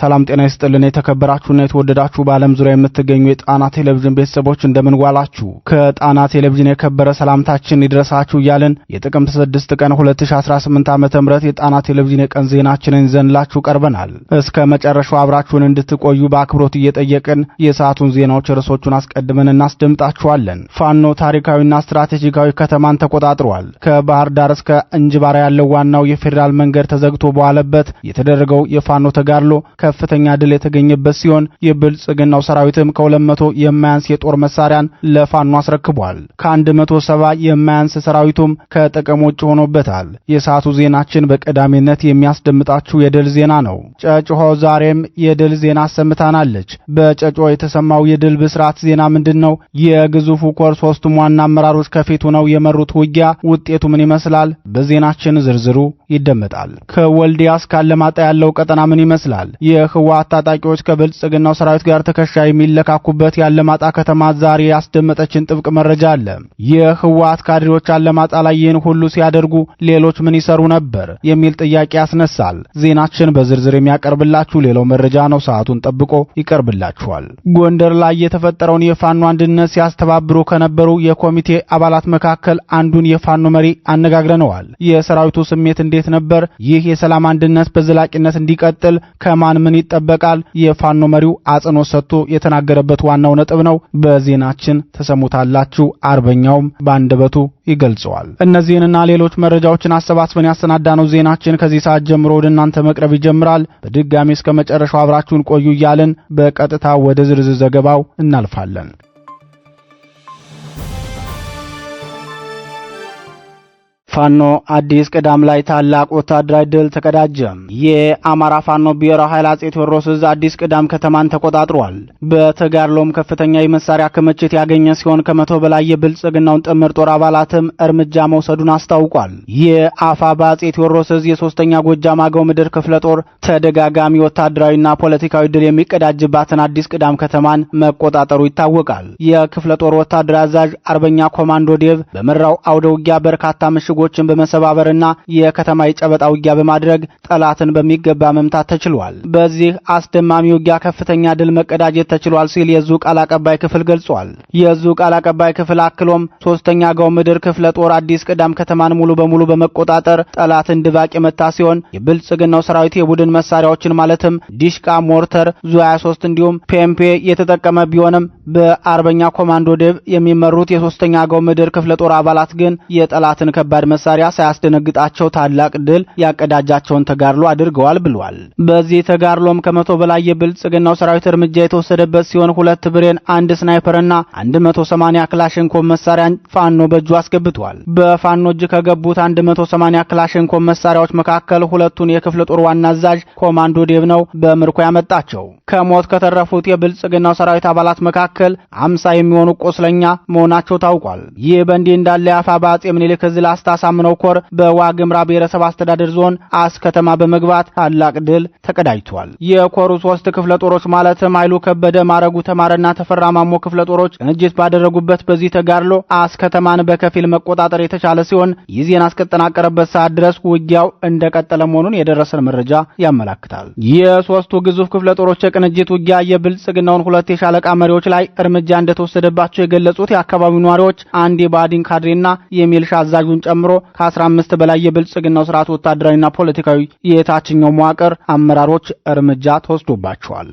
ሰላም ጤና ይስጥልን የተከበራችሁና የተወደዳችሁ በዓለም ዙሪያ የምትገኙ የጣና ቴሌቪዥን ቤተሰቦች እንደምን ዋላችሁ። ከጣና ቴሌቪዥን የከበረ ሰላምታችን ይድረሳችሁ እያልን የጥቅምት 6 ቀን 2018 ዓ ም የጣና ቴሌቪዥን የቀን ዜናችንን ይዘንላችሁ ቀርበናል። እስከ መጨረሻው አብራችሁን እንድትቆዩ በአክብሮት እየጠየቅን የሰዓቱን ዜናዎች ርዕሶቹን አስቀድመን እናስደምጣችኋለን። ፋኖ ታሪካዊና ስትራቴጂካዊ ከተማን ተቆጣጥሯል። ከባህር ዳር እስከ እንጅባራ ያለው ዋናው የፌዴራል መንገድ ተዘግቶ በዋለበት የተደረገው የፋኖ ተጋድሎ ከፍተኛ ድል የተገኘበት ሲሆን የብልጽግናው ሰራዊትም ከሁለት መቶ የማያንስ የጦር መሳሪያን ለፋኖ አስረክቧል። ከአንድ መቶ ሰባ የማያንስ ሰራዊቱም ከጥቅም ውጭ ሆኖበታል። የሰዓቱ ዜናችን በቀዳሚነት የሚያስደምጣችሁ የድል ዜና ነው። ጨጭሆ ዛሬም የድል ዜና አሰምታናለች። በጨጮ የተሰማው የድል ብስራት ዜና ምንድን ነው? የግዙፉ ኮር ሶስቱም ዋና አመራሮች ከፊት ሆነው የመሩት ውጊያ ውጤቱ ምን ይመስላል? በዜናችን ዝርዝሩ ይደመጣል። ከወልዲያ እስከ አለማጣ ያለው ቀጠና ምን ይመስላል? የህወሓት ታጣቂዎች ከብልጽግናው ሰራዊት ጋር ትከሻ የሚለካኩበት የአለማጣ ከተማ ዛሬ ያስደመጠችን ጥብቅ መረጃ አለ። የህወሓት ካድሬዎች አለማጣ ላይ ይህን ሁሉ ሲያደርጉ ሌሎች ምን ይሰሩ ነበር የሚል ጥያቄ ያስነሳል። ዜናችን በዝርዝር የሚያቀርብላችሁ ሌላው መረጃ ነው። ሰዓቱን ጠብቆ ይቀርብላችኋል። ጎንደር ላይ የተፈጠረውን የፋኖ አንድነት ሲያስተባብሩ ከነበሩ የኮሚቴ አባላት መካከል አንዱን የፋኖ መሪ አነጋግረነዋል። የሰራዊቱ ስሜት እንዴት ነበር? ይህ የሰላም አንድነት በዘላቂነት እንዲቀጥል ከማን ምን ይጠበቃል? የፋኖ መሪው አጽንኦት ሰጥቶ የተናገረበት ዋናው ነጥብ ነው። በዜናችን ተሰሙታላችሁ። አርበኛውም በአንደበቱ ይገልጸዋል። እነዚህንና ሌሎች መረጃዎችን አሰባስበን ያሰናዳነው ዜናችን ከዚህ ሰዓት ጀምሮ ወደ እናንተ መቅረብ ይጀምራል። በድጋሚ እስከ መጨረሻው አብራችሁን ቆዩ እያልን በቀጥታ ወደ ዝርዝር ዘገባው እናልፋለን። ፋኖ አዲስ ቅዳም ላይ ታላቅ ወታደራዊ ድል ተቀዳጀ። የአማራ ፋኖ ብሔራዊ ኃይል አጼ ቴዎድሮስ እዝ አዲስ ቅዳም ከተማን ተቆጣጥሯል። በተጋድሎም ከፍተኛ የመሳሪያ ክምችት ያገኘ ሲሆን ከመቶ በላይ የብልጽግናውን ጥምር ጦር አባላትም እርምጃ መውሰዱን አስታውቋል። የአፋባ አጼ ቴዎድሮስ እዝ የሶስተኛ ጎጃም አገው ምድር ክፍለ ጦር ተደጋጋሚ ወታደራዊና ፖለቲካዊ ድል የሚቀዳጅባትን አዲስ ቅዳም ከተማን መቆጣጠሩ ይታወቃል። የክፍለ ጦር ወታደራዊ አዛዥ አርበኛ ኮማንዶ ዴቭ በመራው አውደ ውጊያ በርካታ ምሽጎ ዜጎችን በመሰባበርና የከተማ የጨበጣ ውጊያ በማድረግ ጠላትን በሚገባ መምታት ተችሏል። በዚህ አስደማሚ ውጊያ ከፍተኛ ድል መቀዳጀት ተችሏል ሲል የዙ ቃል አቀባይ ክፍል ገልጿል። የዙ ቃል አቀባይ ክፍል አክሎም ሶስተኛ ጋው ምድር ክፍለ ጦር አዲስ ቅዳም ከተማን ሙሉ በሙሉ በመቆጣጠር ጠላትን ድባቅ የመታ ሲሆን የብልጽግናው ሰራዊት የቡድን መሳሪያዎችን ማለትም ዲሽቃ፣ ሞርተር፣ ዙ 23 እንዲሁም ፔምፔ የተጠቀመ ቢሆንም በአርበኛ ኮማንዶ ድብ የሚመሩት የሶስተኛ ጋው ምድር ክፍለ ጦር አባላት ግን የጠላትን ከባድ መሳሪያ ሳያስደነግጣቸው ታላቅ ድል ያቀዳጃቸውን ተጋድሎ አድርገዋል ብሏል። በዚህ ተጋድሎም ከመቶ በላይ የብልጽግናው ሰራዊት እርምጃ የተወሰደበት ሲሆን ሁለት ብሬን፣ አንድ ስናይፐርና 180 ክላሽንኮቭ መሳሪያን ፋኖ በእጁ አስገብቷል። በፋኖ እጅ ከገቡት 180 ክላሽንኮቭ መሳሪያዎች መካከል ሁለቱን የክፍለ ጦር ዋና አዛዥ ኮማንዶ ዴብነው በምርኮ ያመጣቸው። ከሞት ከተረፉት የብልጽግናው ሰራዊት አባላት መካከል አምሳ የሚሆኑ ቁስለኛ መሆናቸው ታውቋል። ይህ በእንዲህ እንዳለ የአፋ አፄ ምኒልክ ዕዝ ላስታ አሳምነው ኮር በዋግምራ ብሔረሰብ አስተዳደር ዞን አስ ከተማ በመግባት ታላቅ ድል ተቀዳጅቷል። የኮሩ ሶስት ክፍለ ጦሮች ማለትም አይሉ ከበደ፣ ማረጉ ተማረና ተፈራ ማሞ ክፍለ ጦሮች ቅንጅት ባደረጉበት በዚህ ተጋድሎ አስ ከተማን በከፊል መቆጣጠር የተቻለ ሲሆን ይህ ዜና ሰዓት ድረስ ውጊያው እንደቀጠለ መሆኑን የደረሰን መረጃ ያመላክታል። የሶስቱ ግዙፍ ክፍለ ጦሮች የቅንጅት ውጊያ የብልጽግናውን ሁለት የሻለቃ መሪዎች ላይ እርምጃ እንደተወሰደባቸው የገለጹት የአካባቢው ነዋሪዎች አንድ የባዲን ካድሬና የሚልሻ አዛዡን ጨምሮ ከ15 በላይ የብልጽግናው ስርዓት ወታደራዊና ፖለቲካዊ የታችኛው መዋቅር አመራሮች እርምጃ ተወስዶባቸዋል።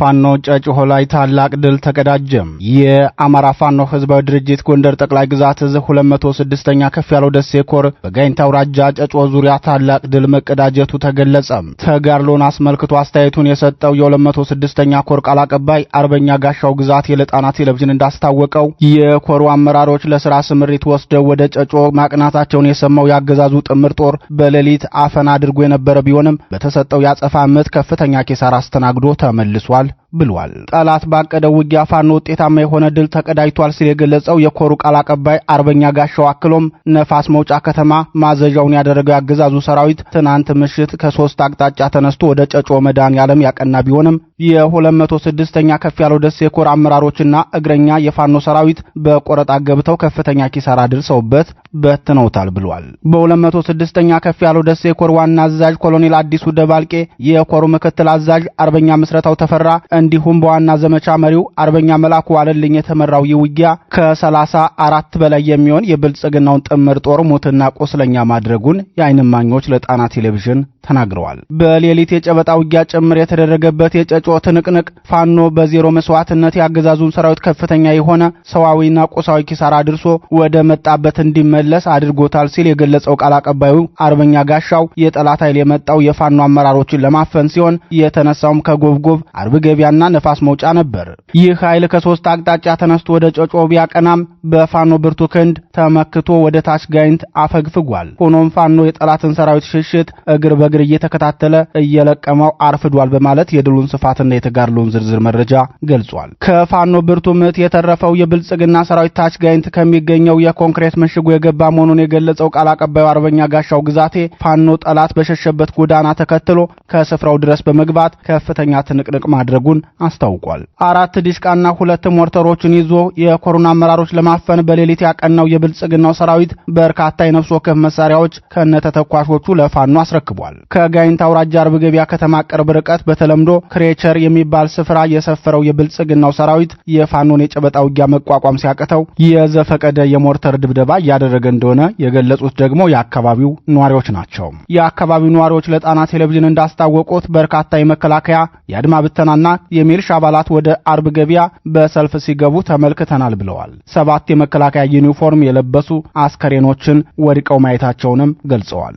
ፋኖ ጨጭሆ ላይ ታላቅ ድል ተቀዳጀ። የአማራ ፋኖ ህዝባዊ ድርጅት ጎንደር ጠቅላይ ግዛት እዝ 206ኛ ከፍ ያለው ደሴ ኮር በጋይንታ አውራጃ ጨጭሆ ዙሪያ ታላቅ ድል መቀዳጀቱ ተገለጸ። ተጋድሎን አስመልክቶ አስተያየቱን የሰጠው የ206ኛ ኮር ቃል አቀባይ አርበኛ ጋሻው ግዛት የለጣና ቴሌቪዥን እንዳስታወቀው የኮሩ አመራሮች ለስራ ስምሪት ወስደው ወደ ጨጭሆ ማቅናታቸውን የሰማው የአገዛዙ ጥምር ጦር በሌሊት አፈና አድርጎ የነበረ ቢሆንም በተሰጠው ያጸፋ ምት ከፍተኛ ኪሳራ አስተናግዶ ተመልሷል ብሏል። ጠላት ባቀደው ውጊያ ፋኖ ውጤታማ የሆነ ድል ተቀዳጅቷል ሲል የገለጸው የኮሩ ቃል አቀባይ አርበኛ ጋሻው አክሎም ነፋስ መውጫ ከተማ ማዘዣውን ያደረገው ያገዛዙ ሰራዊት ትናንት ምሽት ከሶስት አቅጣጫ ተነስቶ ወደ ጨጮ መዳን ያለም ያቀና ቢሆንም የ206ኛ ከፍ ያለው ደሴ የኮር አመራሮችና እግረኛ የፋኖ ሰራዊት በቆረጣ ገብተው ከፍተኛ ኪሳራ ድርሰውበት። በትነውታል ብሏል። በ206ኛ ከፍ ያለው ደሴ የኮር ዋና አዛዥ ኮሎኔል አዲሱ ደባልቄ፣ የኮሩ ምክትል አዛዥ አርበኛ ምስረታው ተፈራ እንዲሁም በዋና ዘመቻ መሪው አርበኛ መላኩ ዋለልኝ የተመራው ይህ ውጊያ ከሰላሳ አራት በላይ የሚሆን የብልጽግናውን ጥምር ጦር ሙትና ቁስለኛ ማድረጉን የዓይን እማኞች ለጣና ቴሌቪዥን ተናግረዋል። በሌሊት የጨበጣ ውጊያ ጭምር የተደረገበት የጨጮ ትንቅንቅ ፋኖ በዜሮ መስዋዕትነት የአገዛዙን ሰራዊት ከፍተኛ የሆነ ሰዋዊና ቁሳዊ ኪሳራ አድርሶ ወደ መጣበት እንዲመ እንዲመለስ አድርጎታል ሲል የገለጸው ቃል አቀባዩ አርበኛ ጋሻው የጠላት ኃይል የመጣው የፋኖ አመራሮችን ለማፈን ሲሆን የተነሳውም ከጎብጎብ አርብ ገቢያና ነፋስ መውጫ ነበር። ይህ ኃይል ከሶስት አቅጣጫ ተነስቶ ወደ ጨጮ ቢያቀናም በፋኖ ብርቱ ክንድ ተመክቶ ወደ ታች ጋይንት አፈግፍጓል። ሆኖም ፋኖ የጠላትን ሰራዊት ሽሽት እግር በእግር እየተከታተለ እየለቀመው አርፍዷል በማለት የድሉን ስፋትና የተጋድሎውን ዝርዝር መረጃ ገልጿል። ከፋኖ ብርቱ ምት የተረፈው የብልጽግና ሰራዊት ታች ጋይንት ከሚገኘው የኮንክሬት ምሽጉ ያልተገባ መሆኑን የገለጸው ቃል አቀባዩ አርበኛ ጋሻው ግዛቴ ፋኖ ጠላት በሸሸበት ጎዳና ተከትሎ ከስፍራው ድረስ በመግባት ከፍተኛ ትንቅንቅ ማድረጉን አስታውቋል። አራት ዲሽቃና ሁለት ሞርተሮችን ይዞ የኮሮና አመራሮች ለማፈን በሌሊት ያቀናው የብልጽግናው ሰራዊት በርካታ የነፍስ ወከፍ መሳሪያዎች ከነተተኳሾቹ ለፋኖ አስረክቧል። ከጋይንት አውራጃ አርብ ገቢያ ከተማ ቅርብ ርቀት በተለምዶ ክሬቸር የሚባል ስፍራ የሰፈረው የብልጽግናው ሰራዊት የፋኖን የጨበጣ ውጊያ መቋቋም ሲያቅተው የዘፈቀደ የሞርተር ድብደባ እያደረገ እየተደረገ እንደሆነ የገለጹት ደግሞ የአካባቢው ነዋሪዎች ናቸው። የአካባቢው ነዋሪዎች ለጣና ቴሌቪዥን እንዳስታወቁት በርካታ የመከላከያ የአድማ ብተናና የሚልሽ አባላት ወደ አርብ ገበያ በሰልፍ ሲገቡ ተመልክተናል ብለዋል። ሰባት የመከላከያ ዩኒፎርም የለበሱ አስከሬኖችን ወድቀው ማየታቸውንም ገልጸዋል።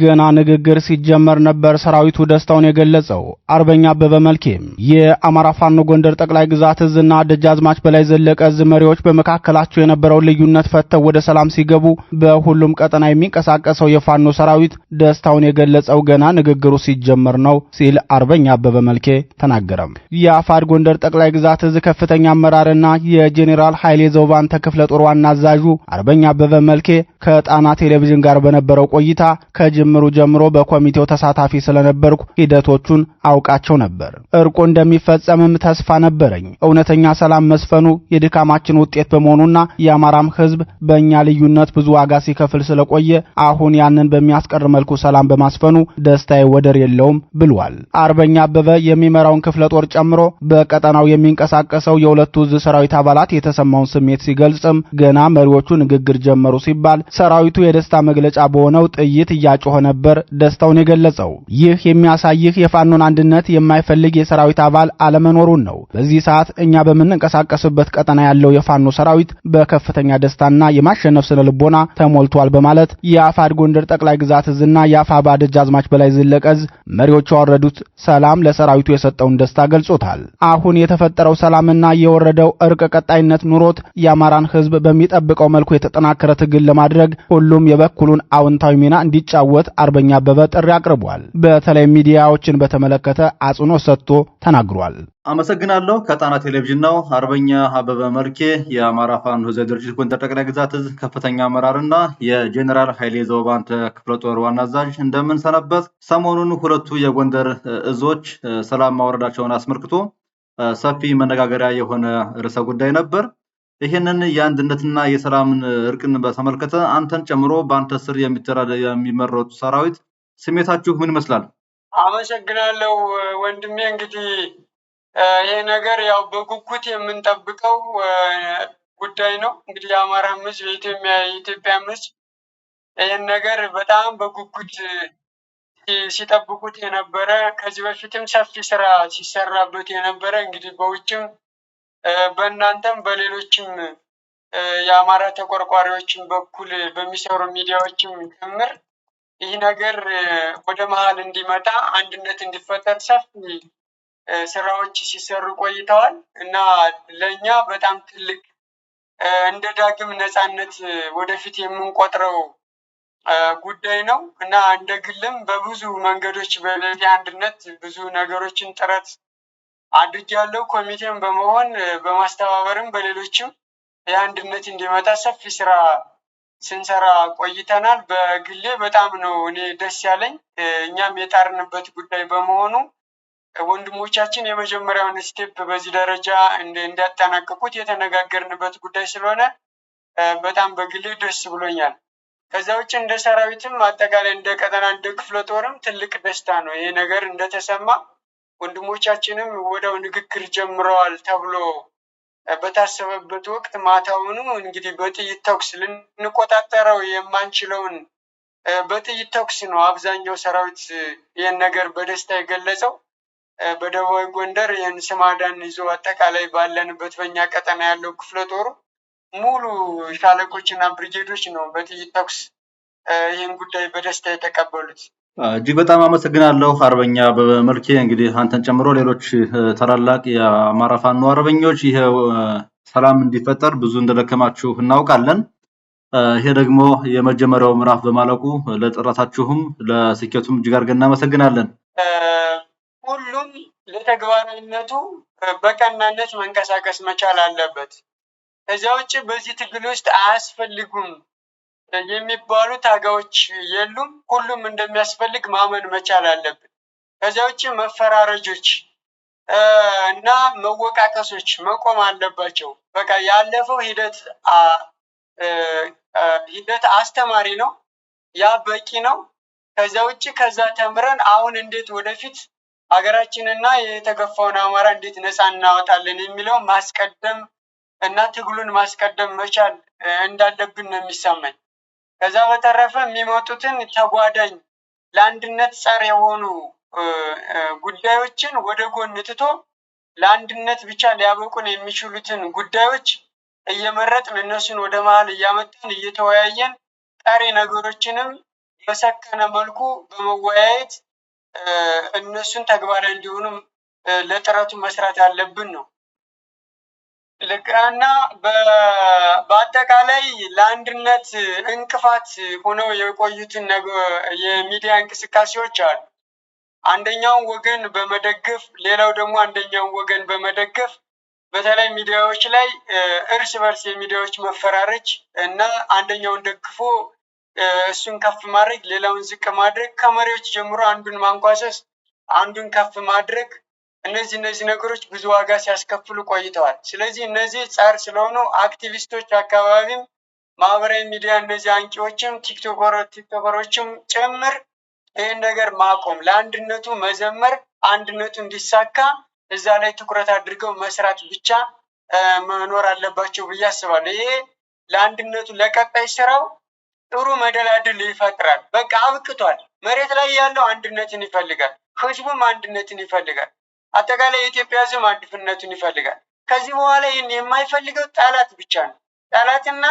ገና ንግግር ሲጀመር ነበር ሰራዊቱ ደስታውን የገለጸው። አርበኛ አበበ መልኬም የአማራ ፋኖ ጎንደር ጠቅላይ ግዛት እዝና ደጃዝማች በላይ ዘለቀ እዝ መሪዎች በመካከላቸው የነበረውን ልዩነት ፈተው ወደ ሰላም ሲገቡ በሁሉም ቀጠና የሚንቀሳቀሰው የፋኖ ሰራዊት ደስታውን የገለጸው ገና ንግግሩ ሲጀመር ነው ሲል አርበኛ አበበ መልኬ ተናገረም። የአፋድ ጎንደር ጠቅላይ ግዛት እዝ ከፍተኛ አመራርና የጄኔራል ኃይሌ ዘውባንተ ክፍለ ጦር ዋና አዛዡ አርበኛ አበበ መልኬ ከጣና ቴሌቪዥን ጋር በነበረው ቆይታ ከጅምሩ ጀምሮ በኮሚቴው ተሳታፊ ስለነበርኩ ሂደቶቹን አውቃቸው ነበር። እርቁ እንደሚፈጸምም ተስፋ ነበረኝ። እውነተኛ ሰላም መስፈኑ የድካማችን ውጤት በመሆኑና የአማራም ሕዝብ በእኛ ልዩነት ብዙ ዋጋ ሲከፍል ስለቆየ አሁን ያንን በሚያስቀር መልኩ ሰላም በማስፈኑ ደስታዬ ወደር የለውም ብሏል። አርበኛ አበበ የሚመራውን ክፍለ ጦር ጨምሮ በቀጠናው የሚንቀሳቀሰው የሁለቱ እዝ ሰራዊት አባላት የተሰማውን ስሜት ሲገልጽም ገና መሪዎቹ ንግግር ጀመሩ ሲባል ሰራዊቱ የደስታ መግለጫ በሆነው ጥይት እያጨ እየጮኸ ነበር ደስታውን የገለጸው። ይህ የሚያሳይህ የፋኖን አንድነት የማይፈልግ የሰራዊት አባል አለመኖሩን ነው። በዚህ ሰዓት እኛ በምንንቀሳቀስበት ቀጠና ያለው የፋኖ ሰራዊት በከፍተኛ ደስታና የማሸነፍ ስነ ልቦና ተሞልቷል በማለት የአፋድ ጎንደር ጠቅላይ ግዛት እዝና የአፋባ ደጃዝማች በላይ ዘለቀ እዝ መሪዎቹ ያወረዱት ሰላም ለሰራዊቱ የሰጠውን ደስታ ገልጾታል። አሁን የተፈጠረው ሰላምና የወረደው እርቅ ቀጣይነት ኑሮት የአማራን ህዝብ በሚጠብቀው መልኩ የተጠናከረ ትግል ለማድረግ ሁሉም የበኩሉን አዎንታዊ ሚና እንዲጫወ እንዲጫወት አርበኛ አበበ ጥሪ አቅርቧል። በተለይ ሚዲያዎችን በተመለከተ አጽንኦት ሰጥቶ ተናግሯል። አመሰግናለሁ። ከጣና ቴሌቪዥን ነው። አርበኛ አበበ መልኬ የአማራ ፋኖ ሕዝባዊ ድርጅት ጎንደር ጠቅላይ ግዛት እዝ ከፍተኛ አመራርና የጄኔራል ኃይሌ ዘውባንተ ክፍለ ጦር ዋና አዛዥ እንደምንሰነበት ሰሞኑን ሁለቱ የጎንደር እዞች ሰላም ማውረዳቸውን አስመልክቶ ሰፊ መነጋገሪያ የሆነ ርዕሰ ጉዳይ ነበር። ይህንን የአንድነትና የሰላምን እርቅን በተመለከተ አንተን ጨምሮ በአንተ ስር የሚተዳደ የሚመረጡ ሰራዊት ስሜታችሁ ምን ይመስላል? አመሰግናለሁ ወንድሜ። እንግዲህ ይህ ነገር ያው በጉጉት የምንጠብቀው ጉዳይ ነው። እንግዲህ የአማራ ሕዝብ የኢትዮጵያ ምስ ይህን ነገር በጣም በጉጉት ሲጠብቁት የነበረ ከዚህ በፊትም ሰፊ ስራ ሲሰራበት የነበረ እንግዲህ በውጭም በእናንተም በሌሎችም የአማራ ተቆርቋሪዎችን በኩል በሚሰሩ ሚዲያዎችም ጭምር ይህ ነገር ወደ መሀል እንዲመጣ አንድነት እንዲፈጠር ሰፊ ስራዎች ሲሰሩ ቆይተዋል እና ለእኛ በጣም ትልቅ እንደ ዳግም ነፃነት ወደፊት የምንቆጥረው ጉዳይ ነው እና እንደ ግልም በብዙ መንገዶች በዚህ አንድነት ብዙ ነገሮችን ጥረት ያለው ኮሚቴም በመሆን በማስተባበርም በሌሎችም የአንድነት እንዲመጣ ሰፊ ስራ ስንሰራ ቆይተናል። በግሌ በጣም ነው እኔ ደስ ያለኝ። እኛም የጣርንበት ጉዳይ በመሆኑ ወንድሞቻችን የመጀመሪያውን ስቴፕ በዚህ ደረጃ እንዲያጠናቀቁት የተነጋገርንበት ጉዳይ ስለሆነ በጣም በግሌ ደስ ብሎኛል። ከዛ ውጭ እንደ ሰራዊትም አጠቃላይ እንደ ቀጠና እንደ ክፍለ ጦርም ትልቅ ደስታ ነው ይሄ ነገር እንደተሰማ ወንድሞቻችንም ወደው ንግግር ጀምረዋል ተብሎ በታሰበበት ወቅት ማታውኑ እንግዲህ በጥይት ተኩስ ልንቆጣጠረው የማንችለውን በጥይት ተኩስ ነው አብዛኛው ሰራዊት ይህን ነገር በደስታ የገለጸው። በደቡባዊ ጎንደር ይህን ስማዳን ይዞ አጠቃላይ ባለንበት በኛ ቀጠና ያለው ክፍለ ጦሩ ሙሉ ሻለቆችና ብርጌዶች ነው በጥይት ተኩስ ይህን ጉዳይ በደስታ የተቀበሉት። እጅግ በጣም አመሰግናለሁ አርበኛ በመልኬ እንግዲህ አንተን ጨምሮ ሌሎች ታላላቅ የአማራ ፋኖ አርበኞች ይሄ ሰላም እንዲፈጠር ብዙ እንደደከማችሁ እናውቃለን። ይሄ ደግሞ የመጀመሪያው ምዕራፍ በማለቁ ለጥረታችሁም ለስኬቱም እጅግ አድርገን እናመሰግናለን። ሁሉም ለተግባራዊነቱ በቀናነት መንቀሳቀስ መቻል አለበት። ከዚያ ውጭ በዚህ ትግል ውስጥ አያስፈልጉም የሚባሉ ታጋዎች የሉም። ሁሉም እንደሚያስፈልግ ማመን መቻል አለብን። ከዚያ ውጭ መፈራረጆች እና መወቃቀሶች መቆም አለባቸው። በቃ ያለፈው ሂደት ሂደት አስተማሪ ነው። ያ በቂ ነው። ከዚያ ውጭ ከዛ ተምረን አሁን እንዴት ወደፊት ሀገራችንና የተገፋውን አማራ እንዴት ነፃ እናወጣለን የሚለው ማስቀደም እና ትግሉን ማስቀደም መቻል እንዳለብን ነው የሚሰማኝ። ከዛ በተረፈ የሚመጡትን ተጓዳኝ ለአንድነት ጸር የሆኑ ጉዳዮችን ወደ ጎን ትቶ ለአንድነት ብቻ ሊያበቁን የሚችሉትን ጉዳዮች እየመረጥን እነሱን ወደ መሀል እያመጣን እየተወያየን ቀሪ ነገሮችንም በሰከነ መልኩ በመወያየት እነሱን ተግባራዊ እንዲሆኑም ለጥረቱ መስራት ያለብን ነው። ልቅራና በአጠቃላይ ለአንድነት እንቅፋት ሆነው የቆዩትን የሚዲያ እንቅስቃሴዎች አሉ። አንደኛውን ወገን በመደገፍ ሌላው ደግሞ አንደኛውን ወገን በመደገፍ በተለይ ሚዲያዎች ላይ እርስ በርስ የሚዲያዎች መፈራረጅ እና አንደኛውን ደግፎ እሱን ከፍ ማድረግ ሌላውን ዝቅ ማድረግ ከመሪዎች ጀምሮ አንዱን ማንኳሰስ አንዱን ከፍ ማድረግ እነዚህ እነዚህ ነገሮች ብዙ ዋጋ ሲያስከፍሉ ቆይተዋል። ስለዚህ እነዚህ ጻር ስለሆኑ አክቲቪስቶች አካባቢም ማህበራዊ ሚዲያ እነዚህ አንቂዎችም ቲክቶከሮችም ጭምር ይህን ነገር ማቆም ለአንድነቱ መዘመር አንድነቱ እንዲሳካ እዛ ላይ ትኩረት አድርገው መስራት ብቻ መኖር አለባቸው ብዬ አስባለሁ። ይሄ ለአንድነቱ ለቀጣይ ስራው ጥሩ መደላድል ይፈጥራል። በቃ አብቅቷል። መሬት ላይ ያለው አንድነትን ይፈልጋል። ህዝቡም አንድነትን ይፈልጋል። አጠቃላይ የኢትዮጵያ ህዝብ አንድነቱን ይፈልጋል። ከዚህ በኋላ ይህን የማይፈልገው ጠላት ብቻ ነው። ጠላትና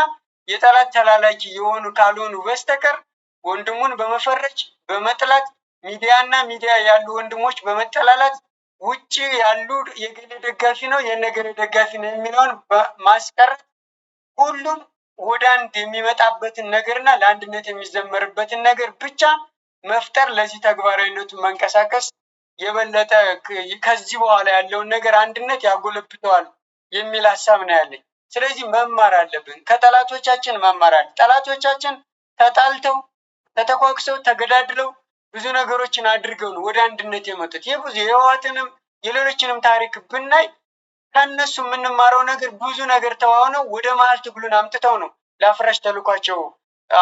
የጠላት ተላላኪ የሆኑ ካልሆኑ በስተቀር ወንድሙን በመፈረጅ በመጥላት ሚዲያና ሚዲያ ያሉ ወንድሞች በመጠላላት ውጭ ያሉ የገሌ ደጋፊ ነው የነገሌ ደጋፊ ነው የሚለውን በማስቀረት ሁሉም ወደ አንድ የሚመጣበትን ነገርና ለአንድነት የሚዘመርበትን ነገር ብቻ መፍጠር ለዚህ ተግባራዊነቱ መንቀሳቀስ የበለጠ ከዚህ በኋላ ያለውን ነገር አንድነት ያጎለብተዋል የሚል ሀሳብ ነው ያለኝ። ስለዚህ መማር አለብን፣ ከጠላቶቻችን መማር አለ። ጠላቶቻችን ተጣልተው ተተኳኩሰው ተገዳድለው ብዙ ነገሮችን አድርገው ነው ወደ አንድነት የመጡት። የብዙ የህወሓትንም የሌሎችንም ታሪክ ብናይ ከእነሱ የምንማረው ነገር ብዙ ነገር ተዋውነው ወደ መሀል ትግሉን አምጥተው ነው ለአፍራሽ ተልኳቸው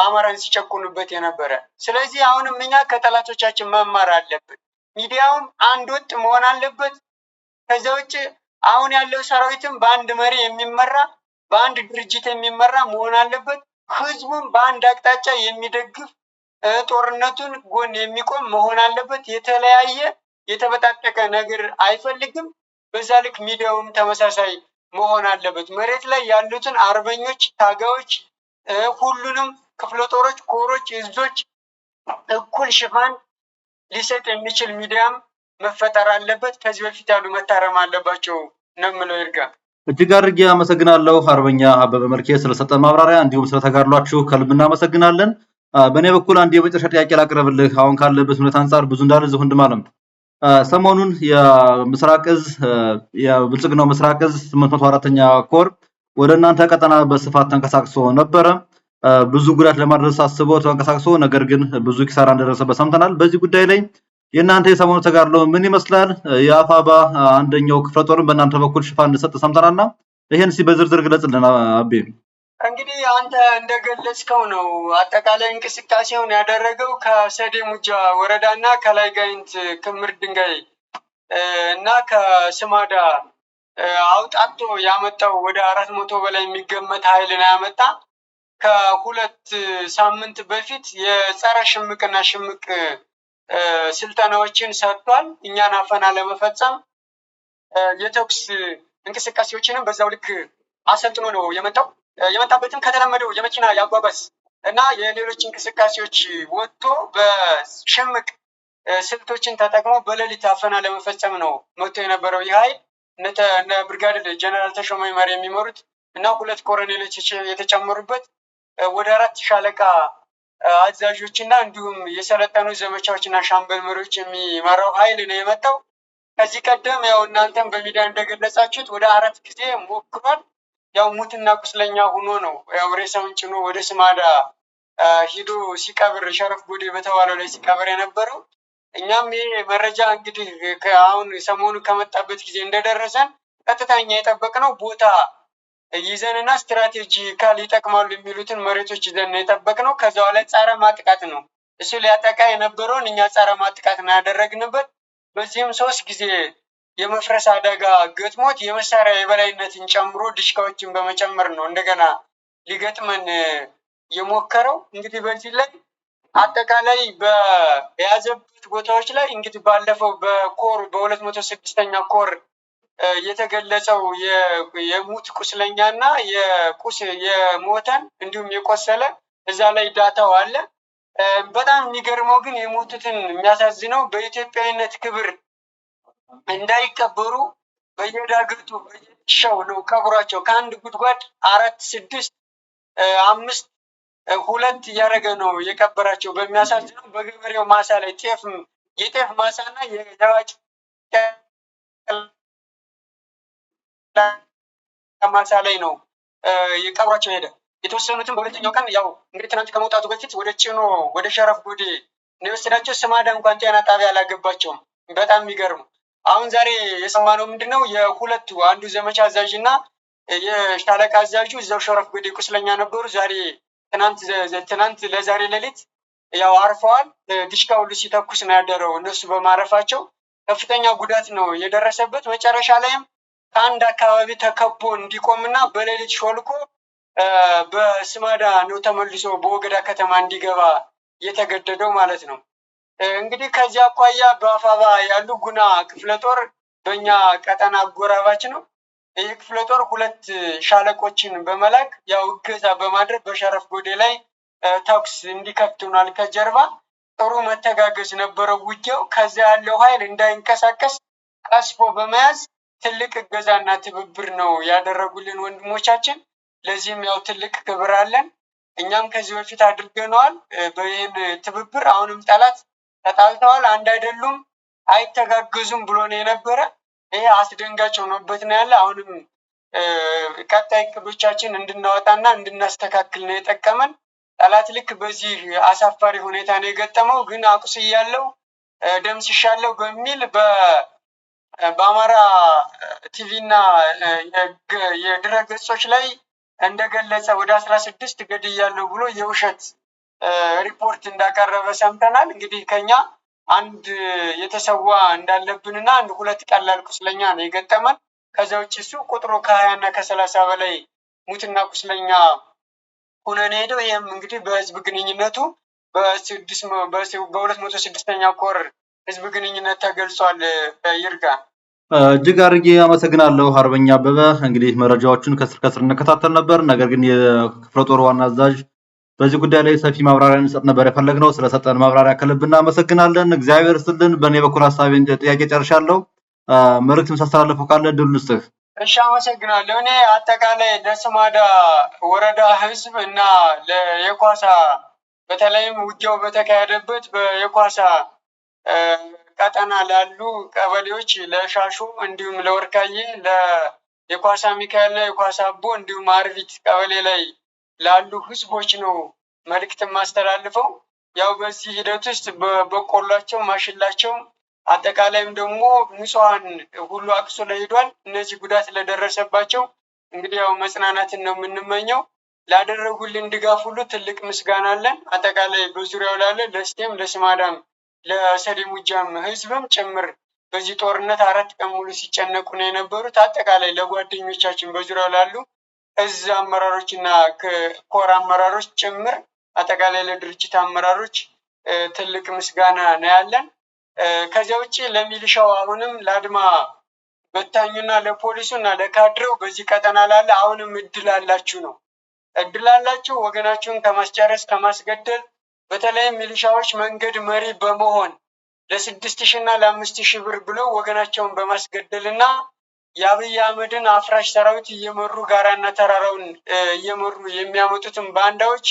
አማራን ሲጨቁኑበት የነበረ። ስለዚህ አሁንም እኛ ከጠላቶቻችን መማር አለብን። ሚዲያውም አንድ ወጥ መሆን አለበት። ከዚያ ውጭ አሁን ያለው ሰራዊትም በአንድ መሪ የሚመራ በአንድ ድርጅት የሚመራ መሆን አለበት። ህዝቡም በአንድ አቅጣጫ የሚደግፍ ጦርነቱን ጎን የሚቆም መሆን አለበት። የተለያየ የተበጣጠቀ ነገር አይፈልግም። በዛ ልክ ሚዲያውም ተመሳሳይ መሆን አለበት። መሬት ላይ ያሉትን አርበኞች፣ ታጋዮች፣ ሁሉንም ክፍለ ጦሮች፣ ኮሮች፣ እዞች እኩል ሽፋን ሊሰጥ የሚችል ሚዲያም መፈጠር አለበት። ከዚህ በፊት ያሉ መታረም አለባቸው ነው የምለው። ይርጋ እጅግ አድርጌ አመሰግናለሁ። አርበኛ አበበ መልኬ ስለሰጠ ማብራሪያ እንዲሁም ስለተጋድሏችሁ ከልብ እናመሰግናለን። በእኔ በኩል አንድ የመጨረሻ ጥያቄ ላቅረብልህ። አሁን ካለበት ሁኔታ አንጻር ብዙ እንዳልዝ ወንድም አለም ሰሞኑን የምስራቅ እዝ የብልጽግናው ምስራቅ እዝ 804ኛ ኮር ወደ እናንተ ቀጠና በስፋት ተንቀሳቅሶ ነበረ። ብዙ ጉዳት ለማድረስ አስቦ ተንቀሳቅሶ ነገር ግን ብዙ ኪሳራ እንደደረሰበት ሰምተናል። በዚህ ጉዳይ ላይ የእናንተ የሰሞኑ ተጋድሎ ምን ይመስላል? የአፋባ አንደኛው ክፍለ ጦርን በእናንተ በኩል ሽፋን እንደሰጠ ሰምተናልና ይህን ሲ በዝርዝር ግለጽልን አቤ። እንግዲህ አንተ እንደገለጽከው ነው አጠቃላይ እንቅስቃሴውን ያደረገው ከሰዴ ሙጃ ወረዳና ከላይ ጋይንት ክምር ድንጋይ እና ከስማዳ አውጣቶ ያመጣው ወደ አራት መቶ በላይ የሚገመት ኃይልን ያመጣ ከሁለት ሳምንት በፊት የጸረ ሽምቅና ሽምቅ ስልጠናዎችን ሰጥቷል። እኛን አፈና ለመፈጸም የተኩስ እንቅስቃሴዎችንም በዛው ልክ አሰልጥኖ ነው የመጣው። የመጣበትም ከተለመደው የመኪና ያጓጓዝ እና የሌሎች እንቅስቃሴዎች ወጥቶ በሽምቅ ስልቶችን ተጠቅሞ በሌሊት አፈና ለመፈጸም ነው መጥቶ የነበረው። ይህ ኃይል እነ ብርጋዴር ጀነራል ተሾመ ይመር የሚመሩት እና ሁለት ኮሎኔሎች የተጨመሩበት ወደ አራት ሻለቃ አዛዦች እና እንዲሁም የሰለጠኑ ዘመቻዎች እና ሻምበል መሪዎች የሚመራው ኃይል ነው የመጣው። ከዚህ ቀደም ያው እናንተም በሚዲያ እንደገለጻችሁት ወደ አራት ጊዜ ሞክሯል። ያው ሙትና ቁስለኛ ሆኖ ነው ያው ሬሳውን ጭኖ ወደ ስማዳ ሂዶ ሲቀብር ሸረፍ ጎዴ በተባለው ላይ ሲቀብር የነበረው። እኛም ይህ መረጃ እንግዲህ አሁን ሰሞኑ ከመጣበት ጊዜ እንደደረሰን ቀጥታኛ የጠበቅነው ቦታ ይዘንና ስትራቴጂካል ይጠቅማሉ የሚሉትን መሬቶች ይዘን የጠበቅነው። ከዛ ላይ ጸረ ማጥቃት ነው። እሱ ሊያጠቃ የነበረውን እኛ ጸረ ማጥቃት ነው ያደረግንበት። በዚህም ሶስት ጊዜ የመፍረስ አደጋ ገጥሞት የመሳሪያ የበላይነትን ጨምሮ ድሽካዎችን በመጨመር ነው እንደገና ሊገጥመን የሞከረው። እንግዲህ በዚህ ላይ አጠቃላይ በያዘበት ቦታዎች ላይ እንግዲህ ባለፈው በኮር በሁለት መቶ ስድስተኛ ኮር የተገለጸው የሙት ቁስለኛ እና የሞተን እንዲሁም የቆሰለ እዛ ላይ ዳታው አለ። በጣም የሚገርመው ግን የሞቱትን የሚያሳዝነው በኢትዮጵያዊነት ክብር እንዳይቀበሩ በየዳገቱ በየሻው ነው ቀብሯቸው። ከአንድ ጉድጓድ አራት፣ ስድስት፣ አምስት ሁለት እያደረገ ነው የቀበራቸው። በሚያሳዝነው በገበሬው ማሳ ላይ ጤፍ የጤፍ ማሳና የዳዋጭ ማሳ ላይ ነው የቀብሯቸው ሄደ። የተወሰኑትን በሁለተኛው ቀን ያው እንግዲህ ትናንት ከመውጣቱ በፊት ወደ ጭኖ ወደ ሸረፍ ጉዴ ነው የወሰዳቸው። ስማዳ እንኳን ጤና ጣቢያ አላገባቸውም። በጣም የሚገርም አሁን ዛሬ የሰማነው ምንድን ነው? የሁለቱ አንዱ ዘመቻ አዛዥ እና የሻለቃ አዛዡ እዛው ሸረፍ ጉዴ ቁስለኛ ነበሩ። ዛሬ ትናንት ትናንት ለዛሬ ሌሊት ያው አርፈዋል። ዲሽካ ሁሉ ሲተኩስ ነው ያደረው። እነሱ በማረፋቸው ከፍተኛ ጉዳት ነው የደረሰበት። መጨረሻ ላይም ከአንድ አካባቢ ተከቦ እንዲቆምና በሌሊት ሾልኮ በስማዳ ነው ተመልሶ በወገዳ ከተማ እንዲገባ የተገደደው ማለት ነው። እንግዲህ ከዚህ አኳያ በአፋባ ያሉ ጉና ክፍለ ጦር በእኛ ቀጠና አጎራባች ነው። ይህ ክፍለ ጦር ሁለት ሻለቆችን በመላክ ያው እገዛ በማድረግ በሸረፍ ጎዴ ላይ ተኩስ እንዲከፍትናል። ከጀርባ ጥሩ መተጋገዝ ነበረው ውጊያው። ከዚያ ያለው ኃይል እንዳይንቀሳቀስ ቀስፎ በመያዝ ትልቅ እገዛና ትብብር ነው ያደረጉልን ወንድሞቻችን። ለዚህም ያው ትልቅ ክብር አለን። እኛም ከዚህ በፊት አድርገነዋል። በይህን ትብብር አሁንም ጠላት ተጣልተዋል፣ አንድ አይደሉም፣ አይተጋገዙም ብሎ ነው የነበረ። ይህ አስደንጋጭ ሆኖበት ነው ያለ። አሁንም ቀጣይ እቅዶቻችን እንድናወጣና እንድናስተካክል ነው የጠቀመን። ጠላት ልክ በዚህ አሳፋሪ ሁኔታ ነው የገጠመው። ግን አቁስያለው፣ ደምስሻለው በሚል በ በአማራ ቲቪ እና የድረ ገጾች ላይ እንደገለጸ ወደ አስራ ስድስት ገድያለሁ ብሎ የውሸት ሪፖርት እንዳቀረበ ሰምተናል። እንግዲህ ከኛ አንድ የተሰዋ እንዳለብንና አንድ ሁለት ቀላል ቁስለኛ ነው የገጠመን። ከዚ ውጭ እሱ ቁጥሩ ከሀያ እና ከሰላሳ በላይ ሙትና ቁስለኛ ሁነን ሄደው ይህም እንግዲህ በህዝብ ግንኙነቱ በሁለት መቶ ስድስተኛ ኮር ህዝብ ግንኙነት ተገልጿል። ይርጋ እጅግ አድርጌ አመሰግናለሁ አርበኛ አበበ። እንግዲህ መረጃዎቹን ከስር ከስር እንከታተል ነበር። ነገር ግን የክፍለ ጦር ዋና አዛዥ በዚህ ጉዳይ ላይ ሰፊ ማብራሪያ እንሰጥ ነበር የፈለግነው። ስለሰጠን ማብራሪያ ከልብ እናመሰግናለን። እግዚአብሔር ስልን። በእኔ በኩል ሀሳቤን ጥያቄ ጨርሻለሁ። መልእክት ሳስተላለፈው ካለ ድል ውስጥህ እሺ አመሰግናለሁ። እኔ አጠቃላይ ለስማዳ ወረዳ ህዝብ እና የኳሳ በተለይም ውጊያው በተካሄደበት የኳሳ ቀጠና ላሉ ቀበሌዎች ለሻሾ እንዲሁም ለወርካዬ የኳሳ ሚካኤልና የኳሳ አቦ እንዲሁም አርቢት ቀበሌ ላይ ላሉ ህዝቦች ነው መልእክት ማስተላልፈው። ያው በዚህ ሂደት ውስጥ በቆሏቸው፣ ማሽላቸው አጠቃላይም ደግሞ ንጹሐን ሁሉ አቅሶ ላይ እነዚህ ጉዳት ለደረሰባቸው እንግዲህ ያው መጽናናትን ነው የምንመኘው። ላደረጉልን ድጋፍ ሁሉ ትልቅ ምስጋና አለን። አጠቃላይ በዙሪያው ላለ ለስቴም ለስማዳም ለሰሊሙጃም ህዝብም ጭምር በዚህ ጦርነት አራት ቀን ሙሉ ሲጨነቁ ነው የነበሩት። አጠቃላይ ለጓደኞቻችን በዙሪያው ላሉ እዝ አመራሮች እና ኮር አመራሮች ጭምር አጠቃላይ ለድርጅት አመራሮች ትልቅ ምስጋና ነው ያለን። ከዚያ ውጭ ለሚሊሻው አሁንም ለአድማ በታኙና ለፖሊሱ እና ለካድሬው በዚህ ቀጠና ላለ አሁንም እድል አላችሁ ነው እድል አላችሁ ወገናችሁን ከማስጨረስ ከማስገደል በተለይም ሚሊሻዎች መንገድ መሪ በመሆን ለስድስት ሺ እና ለአምስት ሺ ብር ብሎ ወገናቸውን በማስገደል እና የአብይ አህመድን አፍራሽ ሰራዊት እየመሩ ጋራና ተራራውን እየመሩ የሚያመጡትን ባንዳዎች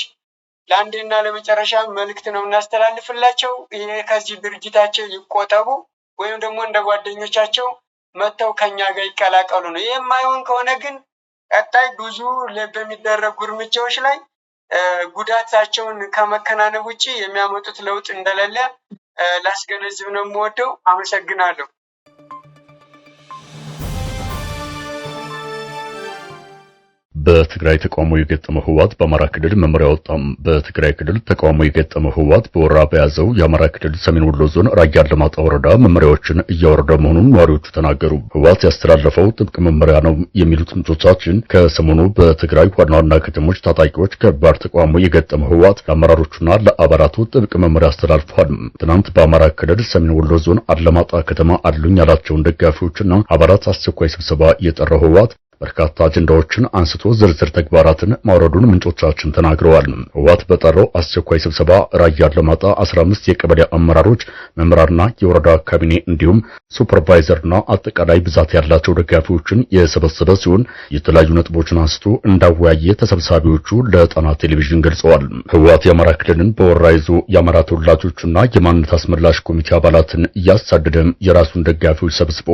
ለአንዴና ለመጨረሻ መልእክት ነው እናስተላልፍላቸው። ይሄ ከዚህ ድርጅታቸው ይቆጠቡ፣ ወይም ደግሞ እንደ ጓደኞቻቸው መጥተው ከኛ ጋር ይቀላቀሉ ነው። ይህ የማይሆን ከሆነ ግን ቀጣይ ብዙ በሚደረጉ እርምጃዎች ላይ ጉዳታቸውን ከመከናነብ ውጭ የሚያመጡት ለውጥ እንደሌለ ላስገነዝብ ነው የምወደው። አመሰግናለሁ። በትግራይ ተቃውሞ የገጠመው ህወሓት በአማራ ክልል መመሪያ ወጣም። በትግራይ ክልል ተቃውሞ የገጠመው ህወሓት በወራ በያዘው የአማራ ክልል ሰሜን ወሎ ዞን ራያ አላማጣ ወረዳ መመሪያዎችን እያወረደ መሆኑን ነዋሪዎቹ ተናገሩ። ህወሓት ያስተላለፈው ጥብቅ መመሪያ ነው የሚሉት ምንጮቻችን ከሰሞኑ በትግራይ ዋና ዋና ከተሞች ታጣቂዎች ከባድ ተቃውሞ የገጠመው ህወሓት ለአመራሮቹና ለአባላቱ ጥብቅ መመሪያ አስተላልፏል። ትናንት በአማራ ክልል ሰሜን ወሎ ዞን አላማጣ ከተማ አሉኝ ያላቸውን ደጋፊዎችና አባላት አስቸኳይ ስብሰባ የጠራው ህወሓት በርካታ አጀንዳዎችን አንስቶ ዝርዝር ተግባራትን ማውረዱን ምንጮቻችን ተናግረዋል። ህወሓት በጠራው አስቸኳይ ስብሰባ ራያ አላማጣ 15 የቀበሌ አመራሮች፣ መምህራንና የወረዳ ካቢኔ እንዲሁም ሱፐርቫይዘርና አጠቃላይ ብዛት ያላቸው ደጋፊዎችን የሰበሰበ ሲሆን የተለያዩ ነጥቦችን አንስቶ እንዳወያየ ተሰብሳቢዎቹ ለጣና ቴሌቪዥን ገልጸዋል። ህወሓት የአማራ ክልልን በወራ ይዞ የአማራ ተወላጆችና የማንነት አስመላሽ ኮሚቴ አባላትን እያሳደደም የራሱን ደጋፊዎች ሰብስቦ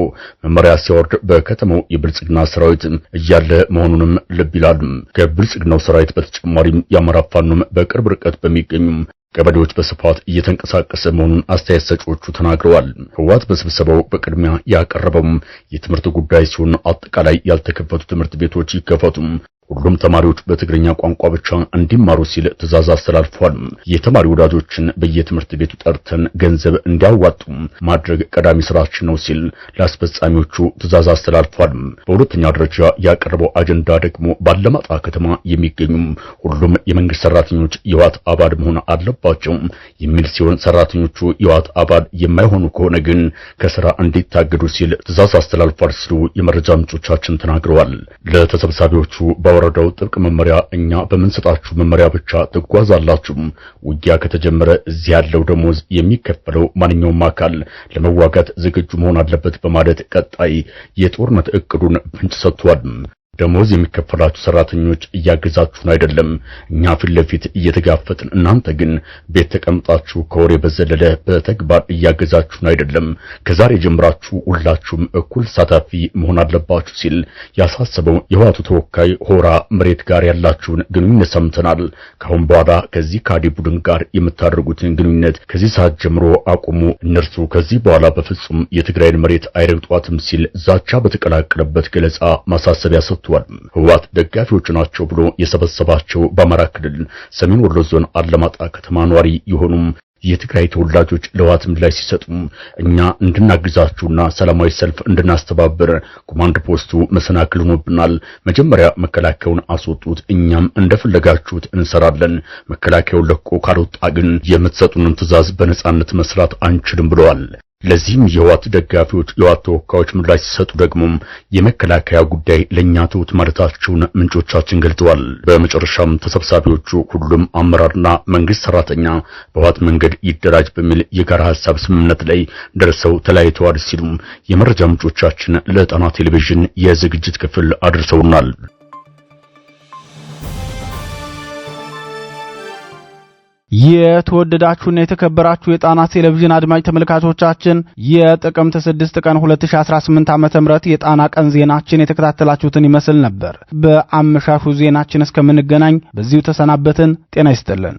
መመሪያ ሲያወርድ በከተማው የብልጽግና ሰራዊት እያለ መሆኑንም ልብ ይላል። ከብልጽግናው ሰራዊት በተጨማሪም የአማራ ፋኖም በቅርብ ርቀት በሚገኙም ገበሬዎች በስፋት እየተንቀሳቀሰ መሆኑን አስተያየት ሰጪዎቹ ተናግረዋል። ህወሓት በስብሰባው በቅድሚያ ያቀረበውም የትምህርት ጉዳይ ሲሆን አጠቃላይ ያልተከፈቱ ትምህርት ቤቶች ይከፈቱም፣ ሁሉም ተማሪዎች በትግርኛ ቋንቋ ብቻ እንዲማሩ ሲል ትዕዛዝ አስተላልፏል። የተማሪ ወዳጆችን በየትምህርት ቤቱ ጠርተን ገንዘብ እንዲያዋጡ ማድረግ ቀዳሚ ስራችን ነው ሲል ለአስፈጻሚዎቹ ትዕዛዝ አስተላልፏል። በሁለተኛ ደረጃ ያቀረበው አጀንዳ ደግሞ ባለማጣ ከተማ የሚገኙ ሁሉም የመንግስት ሰራተኞች የህወሓት አባል መሆን አለባቸው አለባቸው የሚል ሲሆን ሰራተኞቹ የዋት አባል የማይሆኑ ከሆነ ግን ከስራ እንዲታገዱ ሲል ትእዛዝ አስተላልፏል ሲሉ የመረጃ ምንጮቻችን ተናግረዋል። ለተሰብሳቢዎቹ በወረዳው ጥብቅ መመሪያ እኛ በምንሰጣችሁ መመሪያ ብቻ ትጓዛላችሁ። ውጊያ ከተጀመረ እዚህ ያለው ደሞዝ የሚከፈለው ማንኛውም አካል ለመዋጋት ዝግጁ መሆን አለበት በማለት ቀጣይ የጦርነት እቅዱን ፍንጭ ሰጥቷል። ደሞዝ የሚከፈላችሁ ሰራተኞች እያገዛችሁን አይደለም፣ እኛ ፊት ለፊት እየተጋፈጥን፣ እናንተ ግን ቤት ተቀምጣችሁ ከወሬ በዘለለ በተግባር እያገዛችሁን አይደለም። ከዛሬ ጀምራችሁ ሁላችሁም እኩል ሳታፊ መሆን አለባችሁ ሲል ያሳሰበው የህወሓቱ ተወካይ ሆራ መሬት ጋር ያላችሁን ግንኙነት ሰምተናል። ከአሁን በኋላ ከዚህ ካዲ ቡድን ጋር የምታደርጉትን ግንኙነት ከዚህ ሰዓት ጀምሮ አቁሙ። እነርሱ ከዚህ በኋላ በፍጹም የትግራይን መሬት አይረግጧትም ሲል ዛቻ በተቀላቀለበት ገለጻ ማሳሰቢያ ሰጥቷል። ወር ህወሓት ደጋፊዎች ናቸው ብሎ የሰበሰባቸው በአማራ ክልል ሰሜን ወሎ ዞን አለማጣ ከተማ ኗሪ የሆኑም የትግራይ ተወላጆች ለህወሓት ምላሽ ሲሰጡም እኛ እንድናግዛችሁና ሰላማዊ ሰልፍ እንድናስተባብር ኮማንድ ፖስቱ መሰናክል ሆኖብናል። መጀመሪያ መከላከያውን አስወጡት፣ እኛም እንደፈለጋችሁት እንሰራለን። መከላከያውን ለቆ ካልወጣ ግን የምትሰጡንን ትዕዛዝ በነጻነት መስራት አንችልም ብለዋል። ለዚህም የህዋት ደጋፊዎች የህዋት ተወካዮች ምላሽ ሲሰጡ ደግሞም የመከላከያ ጉዳይ ለእኛ ትሁት ማለታቸውን ምንጮቻችን ገልጠዋል። በመጨረሻም ተሰብሳቢዎቹ ሁሉም አመራርና መንግስት ሰራተኛ በህዋት መንገድ ይደራጅ በሚል የጋራ ሀሳብ ስምምነት ላይ ደርሰው ተለያይተዋል ሲሉም የመረጃ ምንጮቻችን ለጣና ቴሌቪዥን የዝግጅት ክፍል አድርሰውናል። የተወደዳችሁና የተከበራችሁ የጣና ቴሌቪዥን አድማጭ ተመልካቾቻችን የጥቅምት 6 ቀን 2018 ዓ.ም የጣና ቀን ዜናችን የተከታተላችሁትን ይመስል ነበር። በአመሻሹ ዜናችን እስከምንገናኝ በዚሁ ተሰናበትን። ጤና ይስጥልን።